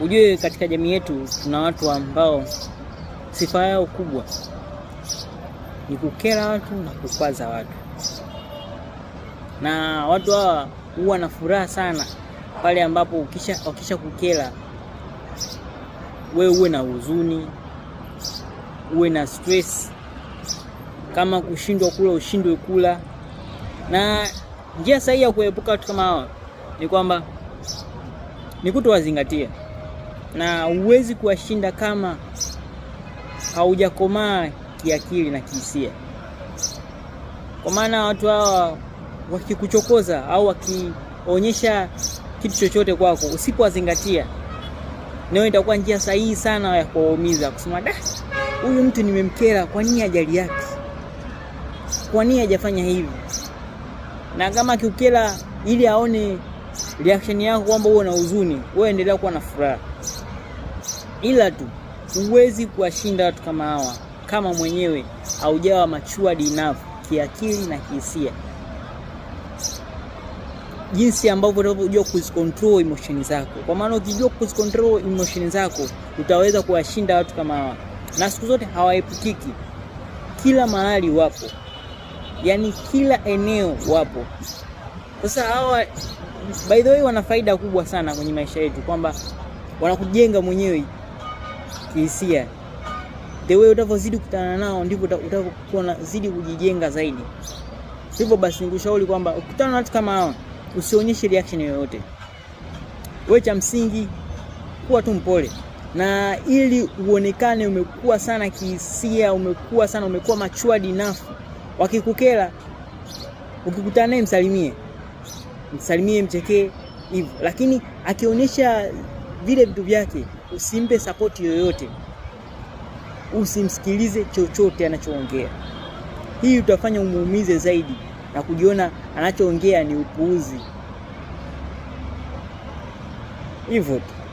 Ujue katika jamii yetu tuna watu ambao sifa yao kubwa ni kukera watu na kukwaza watu, na watu hawa huwa na furaha sana pale ambapo ukisha, kukela kukera wewe uwe na huzuni, uwe na stress, kama kushindwa kula ushindwe kula. Na njia sahihi ya kuepuka watu kama hawa ni kwamba ni kutowazingatia na huwezi kuwashinda kama haujakomaa kiakili na kihisia. Kwa maana watu hawa wakikuchokoza au wakionyesha kitu chochote kwako, usipowazingatia nayo itakuwa njia sahihi sana ya kuwaumiza, kusema da, huyu mtu nimemkera. Kwa nini ajali yake? Kwa nini hajafanya hivi? Na kama akiukera ili aone reaction yako kwamba wewe una huzuni, wewe endelea kuwa na furaha ila tu huwezi kuwashinda watu kama hawa kama mwenyewe haujawa mature enough kiakili na kihisia, jinsi ambavyo unavyojua kuzicontrol emotion zako. Kwa maana ukijua kuzicontrol emotion zako utaweza kuwashinda watu kama hawa, na siku zote hawaepukiki, kila mahali wapo, yani kila eneo wapo. Sasa hawa by the way, wana faida kubwa sana kwenye maisha yetu, kwamba wanakujenga mwenyewe kihisia. The way utavozidi kukutana nao ndivyo utavyokuwa unazidi kujijenga zaidi. Hivyo basi nikushauri kwamba ukutana na watu kama hao usionyeshe reaction yoyote. Wewe cha msingi kuwa tu mpole, na ili uonekane umekuwa sana kihisia, umekuwa sana, umekuwa matured enough, wakikukela ukikutana naye msalimie, msalimie, mchekee hivyo, lakini akionyesha vile vitu vyake usimpe sapoti yoyote, usimsikilize chochote anachoongea. Hii utafanya umuumize zaidi na kujiona anachoongea ni upuuzi, hivyo tu.